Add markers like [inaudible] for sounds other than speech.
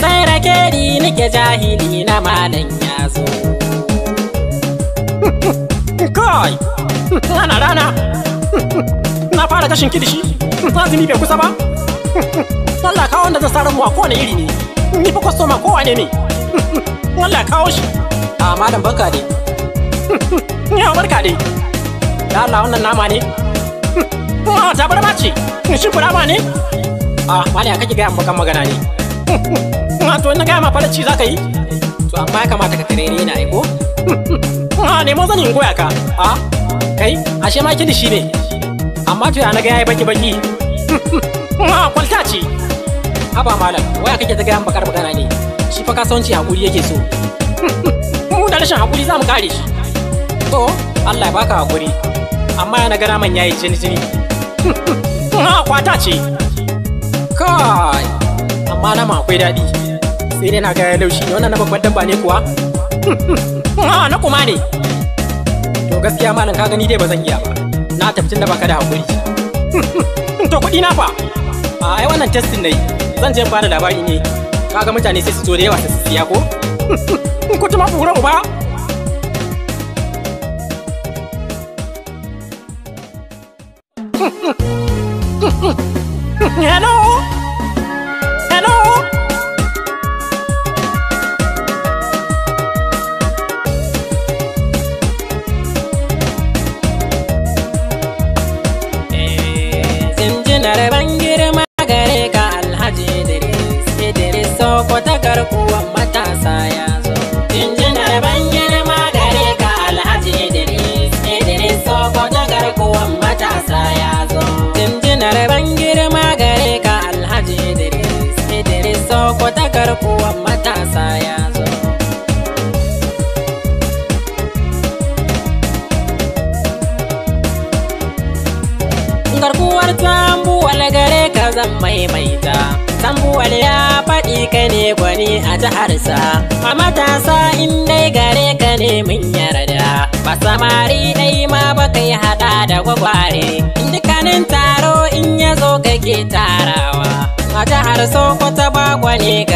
Sarake ni nike jahili na malam ya zo. Kai! Ana rana! Na fara tashin kidishi, azumi bai kusa ba? Allah kawo wanda zan sa a kowane iri ne, ni fa kwastoma kowane ne. Allah kawo shi. A ah, malam barka ne. Yawa barka ne. Ya Allah wannan nama ne. Ah, tabarma ce. Shin burama ne? A ah, malam ya kake gaya makan magana ne. [laughs] to na gaya ma farci za ka yi to amma ya kamata ka ni na [laughs] ha ne mo zan in goya ka a kai ashe ma shi ne amma to ya na gaya baki baki [laughs] ha kwalta ce haba malam waya kake ta gayan bakar magana ne shi fa kasuwanci hakuri yake so mu da rashin hakuri za mu kare shi to Allah ya baka hakuri amma ya na gara man yayi jini jini ha kwata ce amma akwai daɗi sai dai na laushi ne wannan na babban dabba ne kuwa [laughs] ah, na kuma ne to gaskiya malam ka gani dai ba zan iya ba na tafi tun da baka da hakuri [laughs] to kuɗi na fa a ah, ai wannan testin ne zan je fara labari ne kaga mutane sai su zo da yawa su siya ko [laughs] ku ma fura uba Hello wata garkuwar matasa ya zo. Injinar ban girma gare ka Alhaji Idris, Idris Soko ta garkuwar matasa ya zo. Injinar ban girma gare ka Alhaji Idris, Idris Soko ta garkuwar matasa ya zo. zan maimaita samuwar ya faɗi ka ne gwani a jiharsa a matasa in dai gare ka ne mun yarda ba samari dai ma ba kai hada da gwagware dukkanin taro in ya zo kake tarawa a jihar sokoto ba gwani ga